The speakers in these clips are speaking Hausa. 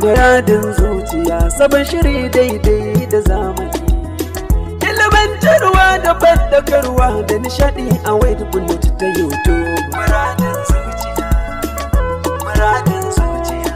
Muradin zuciya sabon shiri daidai da zamani. Ilimantarwa da bandakarwa da nishadi a wayar bullet ta YouTube. Muradin zuciya, muradin zuciya.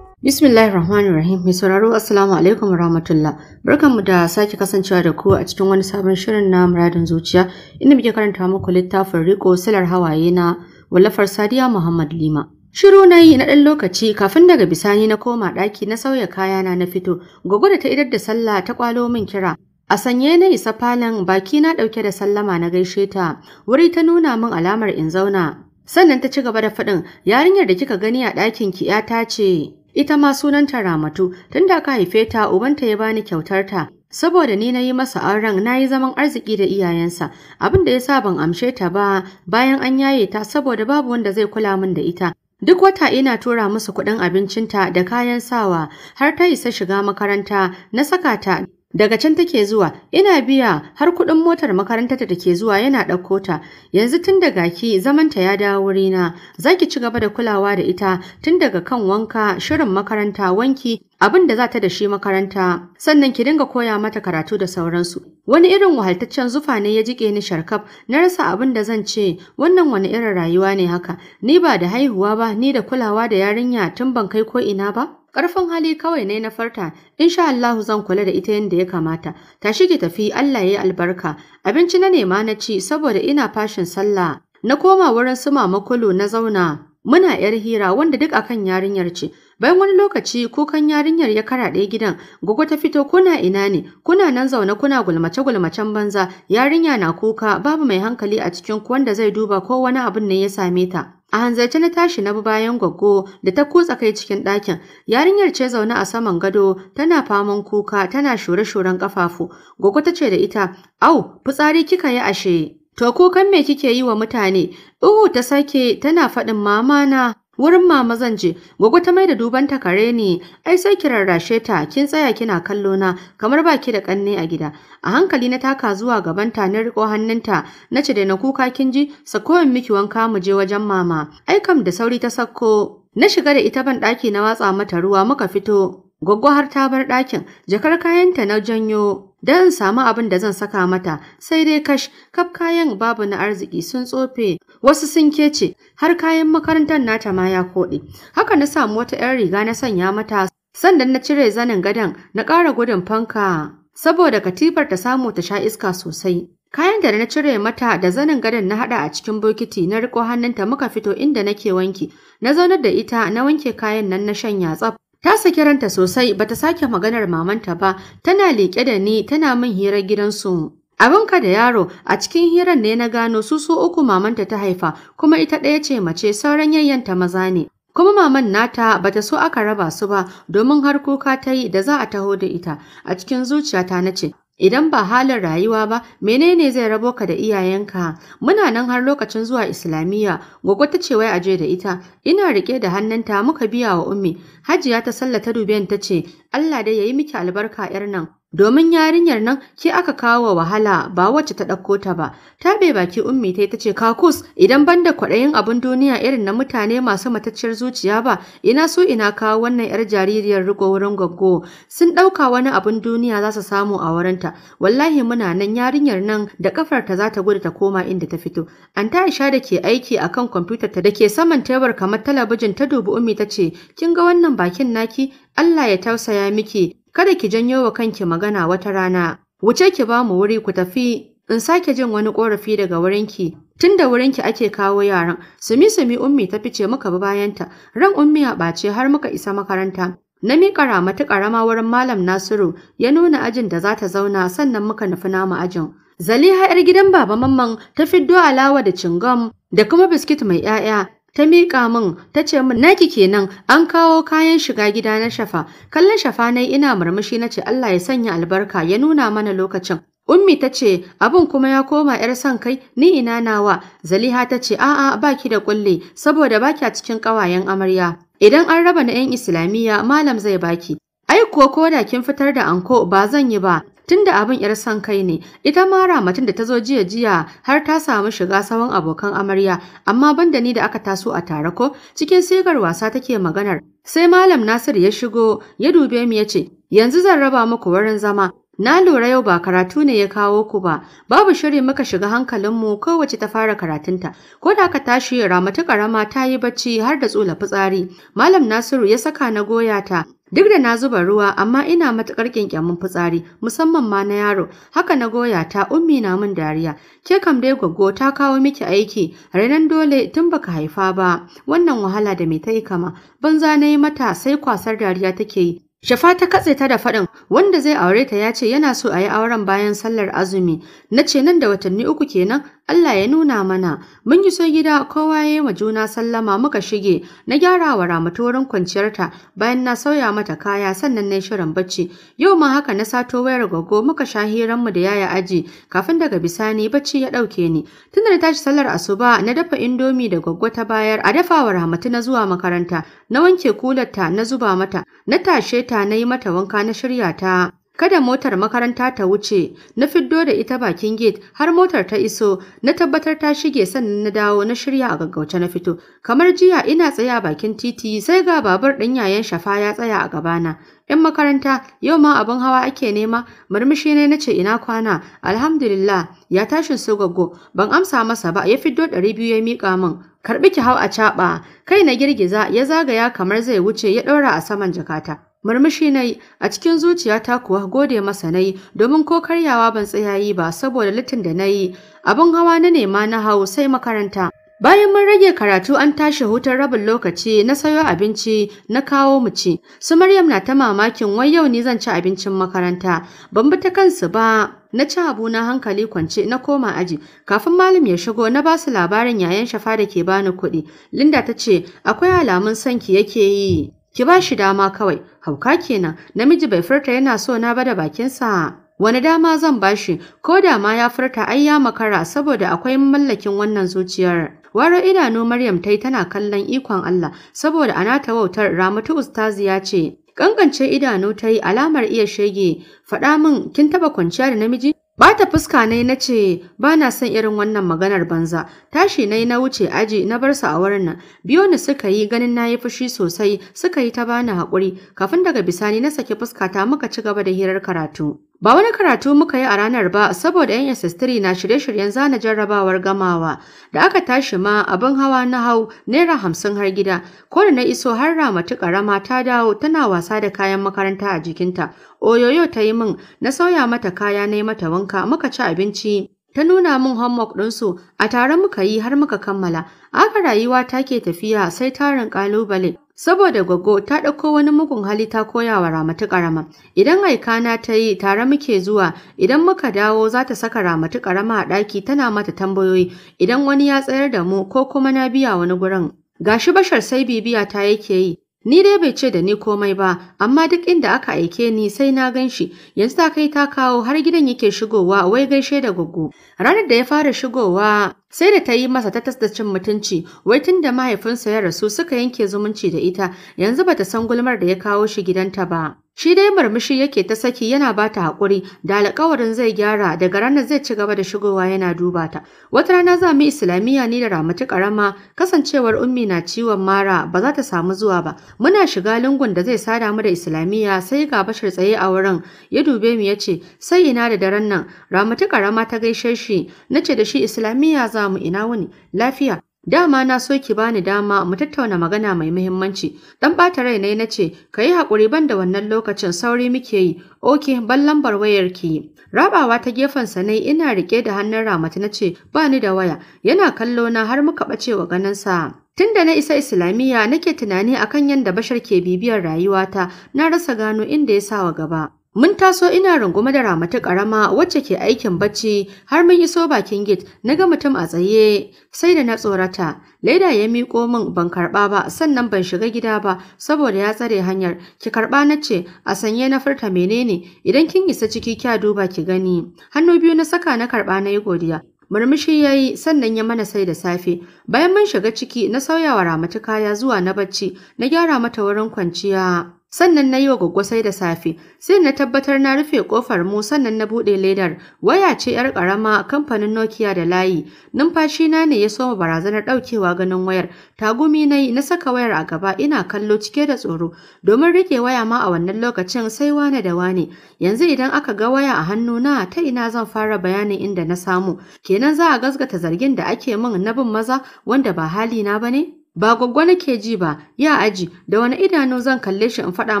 Bismillahir Rahmanir Rahim. Mai sauraro Assalamu alaikum rahmatullah. Barkanmu da sake kasancewa da ku a cikin wani sabon shirin na muradin zuciya inda muke karanta muku littafin Riko Salar Hawaye na wallafar Sadiya Muhammad Lima. Shiru na yi na ɗan lokaci kafin daga bisani na koma ɗaki na sauya kayana na fito, gogo ta idar da sallah ta kwalo min kira. A sanye na isa falon baki na ɗauke da sallama na gaishe ta, wuri ta nuna min alamar in zauna. Sannan ta ci gaba da faɗin yarinyar da kika gani a ɗakin ki ta ce, ita ma sunanta Ramatu, tunda ka haife ta ubanta ya bani kyautar ta, Saboda ni na yi masa auren na yi zaman arziki da iyayensa, abin da ya sa ban amshe ta ba bayan an yaye ta saboda babu wanda zai kula min da ita. Duk wata ina tura musu kuɗin abincinta da kayan sawa har ta isa shiga makaranta na saka ta Daga can take zuwa, ina biya har kuɗin motar makarantarta da ke zuwa yana ɗauko ta. Yanzu tun daga ki zamanta ya dawo wurina, za ki ci gaba da kulawa da ita tun daga kan wanka, shirin makaranta, wanki, abin da za ta da shi makaranta, sannan ki dinga koya mata karatu da sauransu. Wani irin wahaltaccen zufa ne ya jike ni sharkaf, na rasa abin da zan ce, wannan wani irin rayuwa ne haka, ni ba da haihuwa ba, ni da kulawa da yarinya tun ban kai ko ina ba? ƙarfin hali kawai ne na farta insha Allahu zan kula da ita yadda ya kamata tashi ki tafi Allah ya yi albarka abinci na nema na ci saboda ina fashin sallah na koma wurin su mama na zauna muna yar hira wanda duk akan yarinyar ce bayan wani lokaci kukan yarinyar ya ɗaya gidan gogo ta fito kuna ina ne kuna nan zaune kuna gulmace gulmacen banza yarinya na kuka babu mai hankali a cikin ku wanda zai duba ko wani abin ne ya same ta A hanzarce na tashi na bi bayan gwaggo da ta kutsa kai cikin ɗakin. Yarinyar ce zaune a saman gado tana faman kuka tana shure-shuren ƙafafu. Gwaggo ta ce da ita, "Au, fitsari kika yi ashe." To kukan me kike yi wa mutane? Uhu ta sake tana faɗin mamana." Wurin mama zan je, gwagwa ta maida duban ta kare ni, ai sai ki rarrashe ta, kin tsaya kina kallo na kamar baki da kanne a gida. A hankali na taka zuwa gaban ta na riko hannunta, na ce da na kuka kin ji, sako miki wanka mu je wajen mama. Ai kam da sauri ta sako. Na shiga da ita ban daki na watsa mata ruwa muka fito. Gwaggo har ta bar ɗakin, jakar kayanta na janyo don samu abin da zan saka mata, sai dai kash, kaf kayan babu na arziki sun tsofe, wasu sun kece har kayan makarantar nata ma ya koɗe. Haka na samu wata 'yan riga na sanya mata Sannan na cire zanin gadon na ƙara gudun fanka saboda katifar ta samu ta sha iska sosai. Kayan da na cire mata da zanin gadon na haɗa a cikin bokiti na riko hannunta muka fito inda nake wanki. Na zaunar da ita na wanke kayan nan na shanya tsaf. Ta saki ranta sosai bata sake maganar mamanta ba, tana leƙe da ni tana min hirar gidansu. Abinka da yaro a cikin hirar ne na gano su su uku mamanta ta haifa kuma ita ɗaya ce mace sauran yayyanta maza ne. Kuma maman nata bata so aka raba su ba domin har kuka ta yi da za a taho da ita a cikin zuciyata na ce Idan ba halin rayuwa ba, menene zai rabo ka da iyayenka? Muna nan har lokacin zuwa Islamiyya, gogo ta ce wai aje da ita, ina rike da hannunta muka biya wa ummi. Hajiya ta sallata dubiyan ta ce, Allah dai ya yi miki albarka yar nan. domin yarinyar nan ke aka kawo wa wahala ba wacce ta ɗauko ta ba ta bai baki ummi ta ce kakus idan ban da kwaɗayin abin duniya irin na mutane masu matacciyar zuciya ba ina so ina kawo wannan yar jaririyar riko wurin gaggo sun ɗauka wani abin duniya za su samu a wurinta wallahi muna nan yarinyar nan da kafar ta za ta gudu ta koma inda ta fito an ta isha da ke aiki akan kwamfutar ta da ke saman tebur kamar talabijin ta dubi ummi ta ce kin ga wannan bakin naki Allah ya tausaya miki Kada ki janyo wa kanki magana wata rana, wuce ki ba mu wuri ku tafi in sake jin wani korafi daga wurinki tun da wurinki ake kawo yaran sumi sumi ummi ta fice muka bi bayanta ran ummi a ɓace har muka isa makaranta na miƙa ramatu ƙarama wurin malam nasiru ya nuna ajin da za ta zauna sannan muka nufi namu ajin zaliha yar gidan baba mamman ta fiddo alawa da cingam da kuma biskit mai 'ya'ya ta miƙa min ta ce min naki kenan an kawo kayan shiga gida na shafa kallon shafa na ina murmushi na ce Allah ya sanya albarka ya nuna mana lokacin Ummi ta ce abin kuma ya koma ‘yar son kai ni ina nawa Zaliha ta ce a'a baki da kulle saboda baki a cikin ƙawayen amarya idan an raba na ‘yan Islamiyya malam zai baki Ai ko da kin fitar da anko ba zan yi ba, tunda abin yar san kai ne ita ma Ramatin da ta zo jiya jiya har ta samu shiga sawan abokan amarya amma banda ni da aka taso a tare ko cikin sigar wasa take maganar sai malam Nasir ya shigo ya dube mu ce. yanzu zan raba muku wurin zama Na lura yau ba karatu ne ya kawo ku ba, babu shiri muka shiga hankalin hankalinmu kowace ta fara karatunta. Ko da aka tashi Ramatu karama ta yi bacci har da tsula fitsari. Malam Nasiru ya saka na goya ta, Duk da na zuba ruwa amma ina matukar kyankyamin fitsari musamman ma na yaro haka na goya ta ummi na min dariya ke kam dai Goggo ta kawo miki aiki renan dole tun baka haifa ba wannan wahala da me ta yi kama banza na yi mata sai kwasar dariya take yi Shafa ta katse ta da faɗin wanda zai aure ta ya ce yana so a yi auren bayan sallar azumi. Na ce nan da watanni uku kenan Allah ya nuna mana. Mun yi so gida kowa ya yi wa juna sallama muka shige na gyara wa ramatu wurin kwanciyarta bayan na sauya mata kaya sannan na shirin bacci. Yau ma haka na sato wayar gogo muka sha hiranmu da yaya aji kafin daga bisani bacci ya ɗauke ni. Tun da tashi sallar asuba na dafa indomi da gogo ta bayar a dafa wa ramatu na zuwa makaranta na wanke kularta na zuba mata na tashe ta na yi mata wanka na shirya ta. Kada motar makaranta ta wuce, na fiddo da ita bakin gate har motar ta iso, na tabbatar ta shige sannan na dawo na shirya a gaggauce na fito. Kamar jiya ina tsaya bakin titi sai ga babur ɗin yayan shafa ya tsaya a gabana. ‘Yan makaranta, yau ma abin hawa ake nema, murmushi ne na ce ina kwana, alhamdulillah, ya tashin su gaggo, ban amsa masa ba, ya fiddo ɗari biyu ya miƙa min, karɓi ki hau a caɓa, kai na girgiza, ya zagaya kamar zai wuce, ya ɗaura a saman jakata. Murmushi na yi, a cikin zuciyata kuwa gode masa na domin ko karyawa ban tsayayi ba saboda litin da na yi, abin hawa na nema na hau sai makaranta. Bayan mun rage karatu an tashi hutar rabin lokaci na sayo abinci na kawo mu ci. Su Maryam na ta mamakin wai yau ne zan ci abincin makaranta. Ban bi ta kansu ba. Na ci abu na hankali kwance na koma aji. Kafin malam ya shigo na ba su labarin yayan shafa da ke bani kuɗi. Linda ta ce akwai alamun sanki yake yi. Ki ba shi dama kawai, hauka kenan, namiji bai furta yana so na ba da bakinsa. Wani dama zan bashi, ko da ma ya furta ai ya makara saboda akwai mallakin wannan zuciyar. Wara idanu Maryam tai tana kallon ikon Allah saboda ta wautar Ramatu ustazi ya ce. Kankance idanu ta yi alamar iya shege, faɗa min kin taɓa kwanciya da namiji? Bata fuska nai na ce ba na son irin wannan maganar banza, tashi nai na wuce aji na bar su a wurin nan, biyo ni suka yi ganin nayi fushi sosai suka yi ta bani hakuri, kafin daga bisani na saki fuskata muka ci gaba da hirar karatu. Ba wani karatu muka yi a ranar ba saboda yan ss na shirye-shiryen zana jarrabawar gamawa da aka tashi ma abin hawa na hau naira hamsin har gida ko da na iso har ramatu karama ta dawo tana wasa da kayan makaranta a jikinta oyoyo ta yi min na sauya mata kaya na yi mata wanka muka ci abinci ta nuna min homework ɗinsu a tare muka yi har muka kammala aka rayuwa take tafiya sai tarin ƙalubale Saboda gogo ta ɗauko wani mugun hali ta koya wa Ramatu ƙarama. Idan aikana ta yi tare muke zuwa, idan muka dawo za ta saka Ramatu ƙarama a ɗaki tana mata tambayoyi, idan wani ya tsayar da mu ko kuma na biya wani gurin. Ga shi bashar sai bibiya ta yake yi, Ni dai bai ce da ni komai ba, amma duk inda aka aike ni sai na gan shi, yanzu ta kai ta kawo har gidan yake shigowa wai gaishe da gugu. Ranar da ya fara shigowa Sai da ta yi masa ta da cin mutunci, wai tun da mahaifinsa ya rasu suka yanke zumunci da ita, yanzu bata san gulmar da ya kawo shi gidanta ba. Shi dai murmushi yake ta saki yana ba ta haƙuri, da alƙawarin zai gyara daga ranar zai ci gaba da shigowa yana duba ta. Wata rana za mu Islamiyya ni da ramatu ƙarama, kasancewar ummi na ciwon mara ba za ta samu zuwa ba. Muna shiga lungun da zai sada mu da Islamiyya sai ga Bashir tsaye a wurin, ya dube mu ya ce, sai ina da daren nan, ramatu ƙarama ta gaishe shi, na ce da shi Islamiyya za zamu ina wuni? Lafiya. Dama na so ki bani dama mu tattauna magana mai muhimmanci. Dan bata rai ne nace, "Ka yi hakuri banda wannan lokacin sauri muke yi." Oke, ban lambar wayarki. ki. Rabawa ta gefen sa ne ina rike da hannun Ramatu nace, "Ba ni da waya." Yana kallo na har muka bace wa ganin sa. tunda na isa Islamiyya nake tunani akan yadda Bashar ke bibiyar rayuwata, na rasa gano inda ya sa wa gaba. Mun taso ina rungume da ramatu ƙarama wacce ke aikin bacci har mun iso bakin gate na ga mutum a tsaye sai da na tsorata. Leda ya miƙo min ban karɓa ba sannan ban shiga gida ba saboda ya tsare hanyar. Ki karɓa na ce a sanye na furta menene idan kin isa ciki kya duba ki gani. Hannu biyu na saka na karɓa na yi godiya. Murmushi ya yi sannan ya mana sai da safe. Bayan mun shiga ciki na sauya wa ramatu kaya zuwa na bacci na gyara mata wurin kwanciya. sannan na yi wa gwaggwasai da safe sai na tabbatar na rufe kofar mu sannan na bude ledar waya ce yar karama kamfanin Nokia da layi numfashi na ne ya soma barazanar daukewa ganin wayar tagumi nayi na saka wayar a gaba ina kallo cike da tsoro domin rike waya ma a wannan lokacin sai wane da wane yanzu idan aka ga waya a hannu na ta ina zan fara bayanin inda na samu kenan za a gasgata zargin da ake min na bin maza wanda ba hali na bane Ba gwaggwa nake ji ba, ya aji, da wani idanu zan kalle shi in faɗa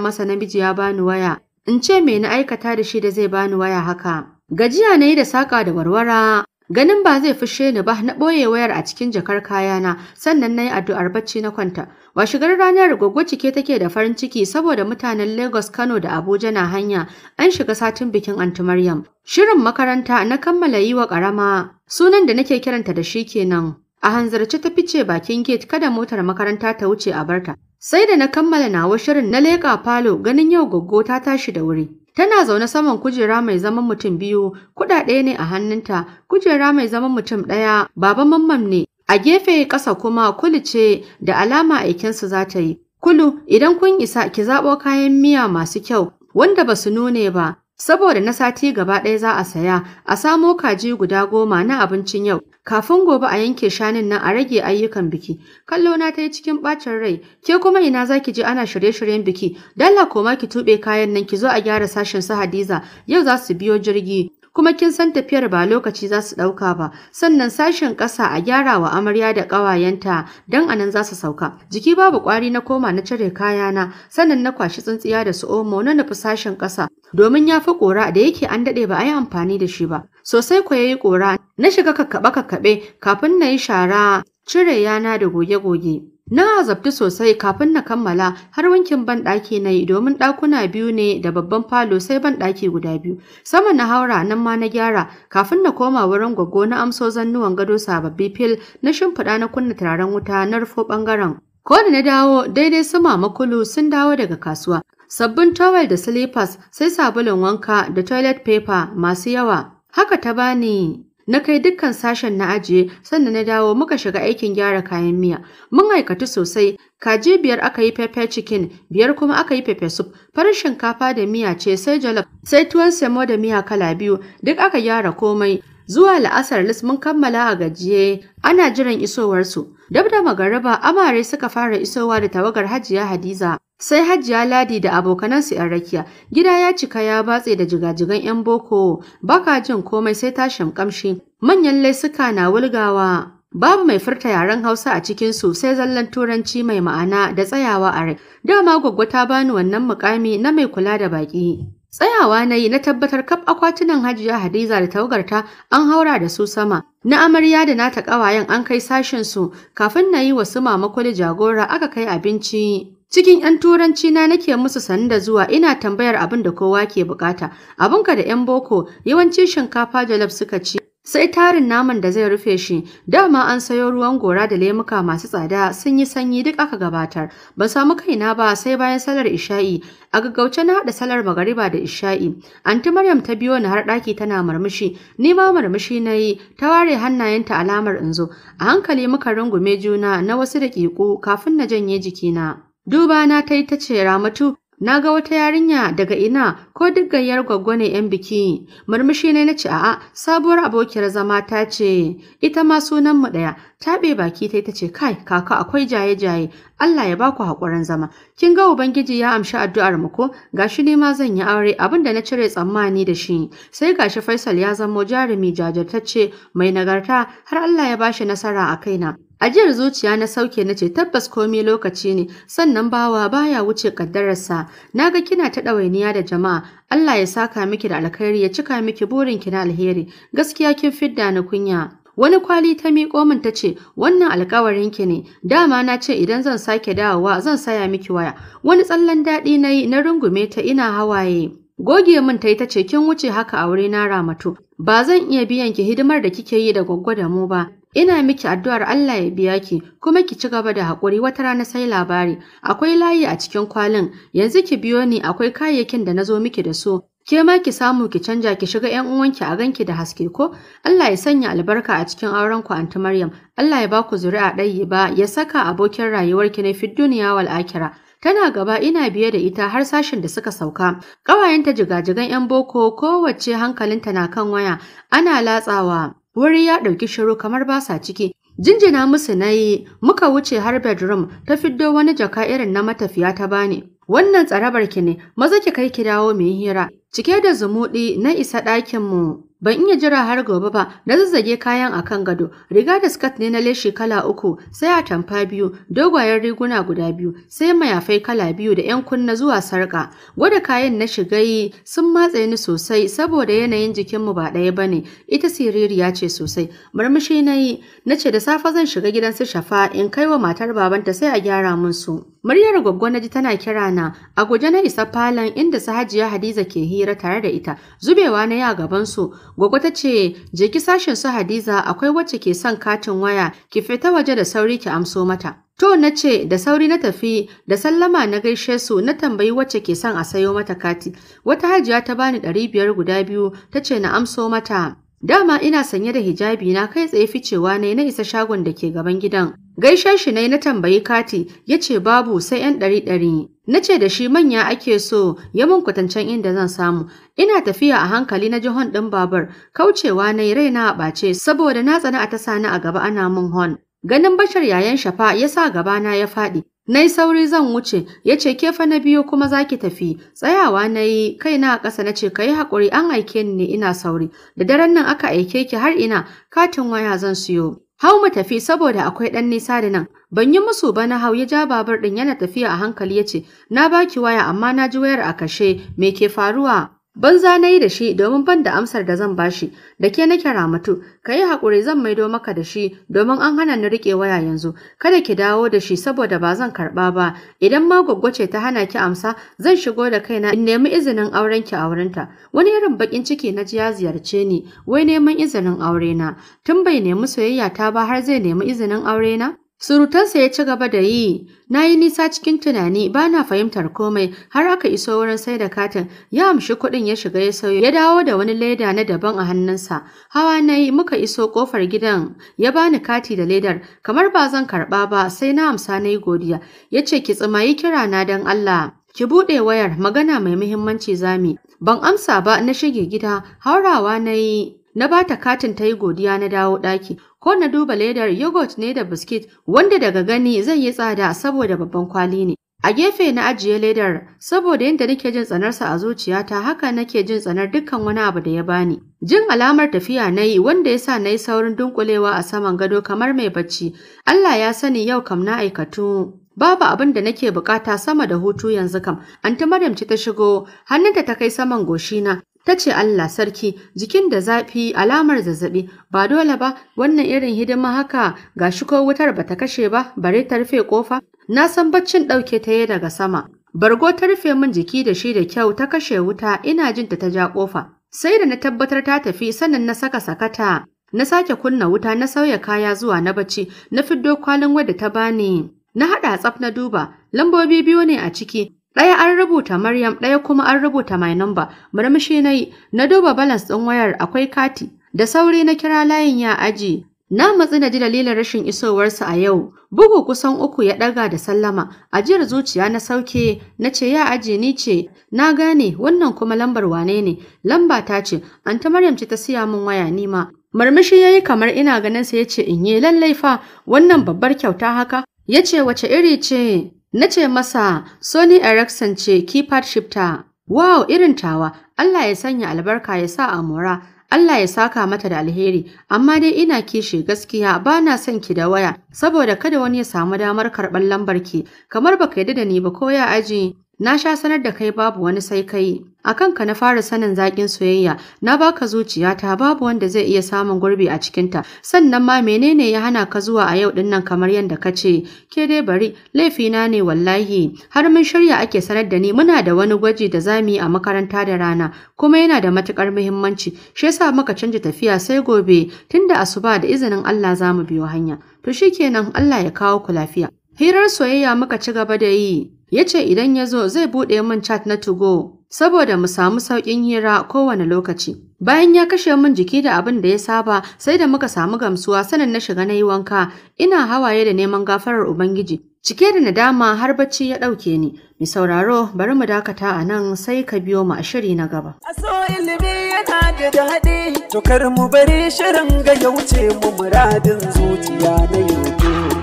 masa namiji ya bani waya, in ce me na aikata da shi da zai bani waya haka. Gajiya na yi da saƙa da warwara, ganin ba zai fushe ni ba na ɓoye wayar a cikin jakar kayana sannan na yi addu'ar bacci na kwanta Wa shigar ranar goggo cike take da farin ciki saboda mutanen lagos kano da abuja na hanya an shiga satin bikin anti maryam shirin makaranta na kammala yi wa ƙarama sunan da nake kiranta da shi kenan A hanzarce ta fice bakin gate kada motar makaranta ta wuce a barta. Sai da na kammala nawa shirin na leƙa falo ganin yau goggo ta tashi da wuri. Tana zaune saman kujera mai zaman mutum biyu, kuɗaɗe ne a hannunta, kujera mai zaman mutum ɗaya, baba mamman ne. A gefe ƙasa kuma kulu ce da alama aikinsu za ta yi. Kulu, idan kun isa ki zaɓo kayan miya masu kyau, wanda ba su nune ba, Saboda na sati gaba ɗaya za a saya, a samo kaji guda goma na abincin yau, kafin gobe a yanke shanin nan a rage ayyukan biki. Kallo na ta yi cikin ɓacin rai, ke kuma ina za ki je ana shirye-shiryen biki, dalla koma ki tuɓe kayan nan ki zo a gyara sashen su Hadiza, yau za su biyo jirgi. kuma kin san tafiyar ba lokaci za su ɗauka ba sannan sashen ƙasa a gyara wa amarya da ƙawayenta don anan za su sauka jiki babu ƙwari na koma na cire kayana sannan na kwashi tsintsiya da su omo na nufi sashen ƙasa domin ya fi ƙora da yake an daɗe ba a yi amfani da shi ba sosai ko ya yi ƙora na shiga kakkaɓe kakkaɓe kafin na yi shara cire yana da goge-goge. Na azabtu sosai kafin na kammala har wankin banɗaki na yi domin ɗakuna biyu ne da babban falo sai banɗaki guda biyu. Sama na haura nan ma na gyara kafin na koma wurin gwaggo na amso zannuwan gado sababbi fil na shimfiɗa na kunna turaren wuta na rufo ɓangaren. Ko da na dawo daidai su makulu sun dawo daga kasuwa. Sabbin towel da slippers sai sabulun wanka da toilet paper masu yawa. Haka ta bani na kai dukkan sashen na ajiye sannan na dawo muka shiga aikin gyara kayan miya mun aikatu sosai kaji biyar aka yi pepper chicken biyar kuma aka yi pepper soup farin shinkafa da miya ce sai jollof sai tuwon semo da miya kala biyu duk aka gyara komai Zuwa la'asar Lis mun kammala a gajiye ana jiran isowarsu. Dab da magaraba amare suka fara isowa da tawagar Hajiya Hadiza. Sai Hajiya Ladi da abokanansu ‘yan rakiya, gida ya cika ya batse da jigajigan ‘yan boko, baka jin komai sai tashin kamshi, manyan laisuka na wulgawa. Babu mai furta yaren Hausa a cikin su sai zallan Turanci mai ma'ana da tsayawa a rai. Dama gwaggwa ta bani wannan mukami na mai kula da baƙi. Tsayawa na yi na tabbatar kaf akwatunan Hajiya Hadiza da tawagarta an haura da su sama. Na amarya da nata ƙawayen an kai sashen su kafin na yi wasu mamakoli jagora aka kai abinci. Cikin ‘yan turanci na nake musu sani da zuwa ina tambayar abin da kowa ke bukata. Abinka da ‘yan boko yawanci shinkafa jalaf suka ci sai tarin naman da zai rufe shi dama an sayo ruwan gora da lemuka masu tsada sun yi sanyi duk aka gabatar ba samu kaina ba sai bayan salar isha'i a gaggauce na haɗa salar magariba da isha'i anti maryam ta biyo ni har ɗaki tana murmushi ni ma murmushi na yi ta ware hannayenta alamar in zo a hankali muka rungume juna na wasu daƙiƙu kafin na janye jikina duba na ta yi ta ce ramatu Na ga wata yarinya daga ina ko duk gayyar gwaggo ne 'yan biki, murmushi ne na ce a'a sabuwar abokiyar zama ta ce, ita ma sunanmu ɗaya, taɓe baki ta ita ce kai kaka akwai jaye-jaye, Allah ya baku haƙurin zama. Kin ga Ubangiji ya amshi addu'ar mu ko gashi ne ma zan yi aure abin da na cire tsammani da shi. Sai gashi Faisal ya zamo jarumi jajirtacce mai nagarta har Allah ya bashi nasara a kaina. Ajiyar zuciya na sauke na ce tabbas komai lokaci ne sannan bawa baya wuce kaddararsa na ga kina ta ɗawainiya da jama'a Allah ya saka miki da alkhairi ya cika miki burin ki na alheri gaskiya kin fidda ni kunya wani kwali ta miƙo min ta ce wannan alkawarin ki ne dama na ce idan zan sake dawowa zan saya miki waya wani tsallan daɗi na yi na rungume ta ina hawaye goge min ta yi ta ce kin wuce haka a wuri na ramatu ba zan iya biyan ki hidimar da kike yi da gwaggwa da mu ba Ina miki addu'ar Allah ya biya ki kuma ki ci gaba da haƙuri wata rana sai labari. Akwai layi a cikin kwalin, yanzu ki biyo ni akwai kayayyakin da na zo miki da su. Ke ma ki samu ki canja ki shiga 'yan uwanki a ganki da haske ko? Allah ya sanya albarka a cikin auren ku Anti Maryam. Allah ya ba ku zuri'a ɗayi ba ya saka abokin rayuwarki na fid duniya wal akhirah. tana gaba ina biye da ita har sashen da suka sauka. Ƙawayenta jigajigan 'yan boko kowace hankalinta na kan waya, ana latsawa wuri ya ɗauki shiru kamar ba sa ciki jinjina musu na yi muka wuce har bedroom ta fiddo wani jaka irin na matafiya ta bani wannan tsarabar ki ne maza ki kai ki dawo mai hira cike da zumuɗi na isa ɗakin mu Ban iya jira har gobe ba, na zazzage kayan a kan gado, riga da skirt ne na leshi kala uku, sai a tamfa biyu, dogayen riguna guda biyu, sai mayafai kala biyu da ‘yan kunna zuwa sarƙa. Gwada kayan na shiga yi sun matse ni sosai saboda yanayin jikinmu ba ɗaya ba ne, ita siririya ce sosai. Murmushi na yi, na ce da safe zan shiga gidan su shafa in kai wa matar babanta sai a gyara min su. Muryar gwaggo na ji tana kira na, a guje na isa falon inda su hajiya Hadiza ke hira tare da ita, zubewa na ya a gabansu. Gwagwa ta ce, je ki su Hadiza akwai wacce ke son katin waya, ki fita waje da sauri ki amso mata. To na ce da sauri na tafi da sallama na gaishe su na tambayi wacce ke son a sayo mata kati. Wata hajiya ta bani ɗari biyar guda biyu ta ce na amso mata. Dama ina sanye da hijabi na kai tsaye ficewa ne na isa shagon da ke gaban gidan. Gaishen shi ne na tambayi kati ya ce babu sai ‘yan ɗari ɗari. Na ce da shi manya ake so ya mun kwatancen inda zan samu. Ina tafiya a hankali na ji hon ɗin babur, kaucewa na yi raina a ɓace saboda na tsana a ta sani a gaba ana mun hon. Ganin bashar yayan shafa ya sa gabana ya faɗi. Na yi sauri zan wuce, ya ce kefa na biyu kuma za ki tafi, tsayawa na yi kaina a ƙasa na ce ka yi haƙuri an aike ni ne ina sauri, da daren nan aka aike ki har ina katin waya zan siyo. Hau mu tafi saboda akwai ɗan nisa da nan. Ban yi musu ba na hau ya ja babur ɗin yana tafiya a hankali yace, Na baki waya amma na ji wayar a kashe, me ke faruwa? Banza na yi da shi domin ban da amsar da zan bashi, da ke nake ramatu, ka yi haƙuri zan maido maka da shi domin an hana ni riƙe waya yanzu, kada ki dawo da shi saboda ba zan karɓa ba, idan ma ce ta hana ki amsa zan shigo da kaina in nemi izinin auren ki aurenta. Wani irin baƙin ciki na ji ya ziyarce ni, wai neman izinin aure na, tun bai nemi soyayya ta ba har zai nemi izinin aure na? Surutansa ya ci gaba da yi, na yi nisa cikin tunani ba na fahimtar komai har aka iso wurin sai da katin ya amshi kuɗin ya shiga ya sauyo ya dawo da wani leda na daban a hannunsa. Hawa na yi muka iso ƙofar gidan ya bani kati da ledar kamar ba zan karɓa ba sai na amsa na yi godiya ya ce ki yi kira na don Allah. Ki buɗe wayar magana mai muhimmanci zami. Ban amsa ba na shige gida haurawa na yi Na ba ta katin ta yi godiya na dawo ɗaki. ko na duba ledar yogurt ne da biskit wanda daga gani zai yi tsada saboda babban kwali ne. A gefe na ajiye ledar saboda yadda nake jin tsanarsa a zuciyata haka nake jin tsanar dukkan wani abu da ya bani. Jin alamar tafiya na yi wanda ya sa na yi saurin dunkulewa a saman gado kamar mai bacci. Allah ya sani yau kam na aikatu babu abin da nake bukata sama da hutu yanzu kam anti maryam ce ta shigo hannunta ta kai saman goshina Ta ce Allah sarki jikin da zafi alamar zazzaɓi, ba dole ba wannan irin hidima haka ga shi ko wutar bata kashe ba bare ta rufe kofa. Na san baccin ɗauke ta yi daga sama. Bargo ta rufe min jiki da shi da kyau ta kashe wuta ina jin ta ta ja kofa. Sai da na tabbatar ta tafi sannan na saka sakata. Na sake kunna wuta na sauya kaya zuwa na bacci na fiddo kwalin wadda ta bani. Na haɗa tsaf na duba lambobi biyu ne a ciki Ɗaya an rubuta Maryam, ɗaya kuma an rubuta my number. Murmushi nayi na duba balance ɗin wayar akwai kati. Da sauri na kira layin ya aji. Na matsi na ji dalilin rashin isowarsa a yau. Bugu kusan uku ya ɗaga da sallama. Ajiyar zuciya na sauke, nace ya aji ni ce, na gane wannan kuma lambar wane ne. Lamba ta ce, Anta Maryam ce ta siya min waya ni ma. Murmushi ya kamar ina ganin sa yace in yi lallai fa wannan babbar kyauta haka. Yace, wace iri ce Na ce masa, Sony Ericsson ce keypad shifter. Wow, irin tawa, Allah ya sanya albarka ya sa a amura, Allah ya saka mata da alheri, amma dai ina kishi gaskiya ba na son ki da waya, saboda kada wani ya samu damar karɓar lambar ki, kamar baka yadda da ni ba ko ya aji. Na sha sanar da kai babu wani sai kai. A kanka na fara sanin zaƙin soyayya, na baka zuciyata babu wanda zai iya samun gurbi a cikinta. Sannan ma menene ya hana ka zuwa a yau dinnan kamar yadda ka ce, ke dai bari, laifina ne wallahi. Har mun shirya ake sanar da ni muna da wani gwaji da za mu yi a makaranta da rana, kuma yana da matuƙar muhimmanci. Shi yasa muka canja tafiya sai gobe, tunda asuba da izinin Allah za mu biyo hanya. To shikenan Allah ya kawo ku lafiya. Hirar soyayya muka ci gaba da yi, ya ce idan ya zo zai buɗe min chat na tugo, saboda mu samu sauƙin hira kowane lokaci. Bayan ya kashe min jiki da abin da ya saba, sai da muka samu gamsuwa sanin na shiga na yi wanka, ina hawaye da neman gafarar Ubangiji. Cike da nadama har bacci ya ɗauke ni, mi sauraro bari mu dakata a nan sai ka biyo mu a shiri na gaba. A so ilimi yana da daɗi, to kar mu bari shirin ga ya mu muradin zuciya na yau.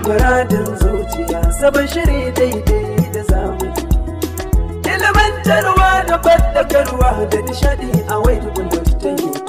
faradin zuciya sabon shiri daidai da zamani ilimantarwa da fadakarwa da nishadi a wai tukun da ta yi